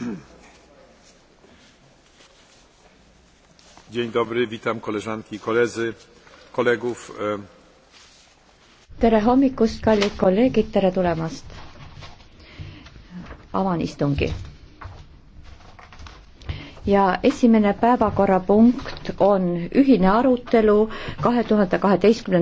Dzień dobry, witam koleżanki i koledzy, kolegów. E, tere hommikust, kallid kolleegid, tere tulemast. avan istungi. ja esimene päevakorrapunkt on ühine arutelu kahe tuhande kaheteistkümnenda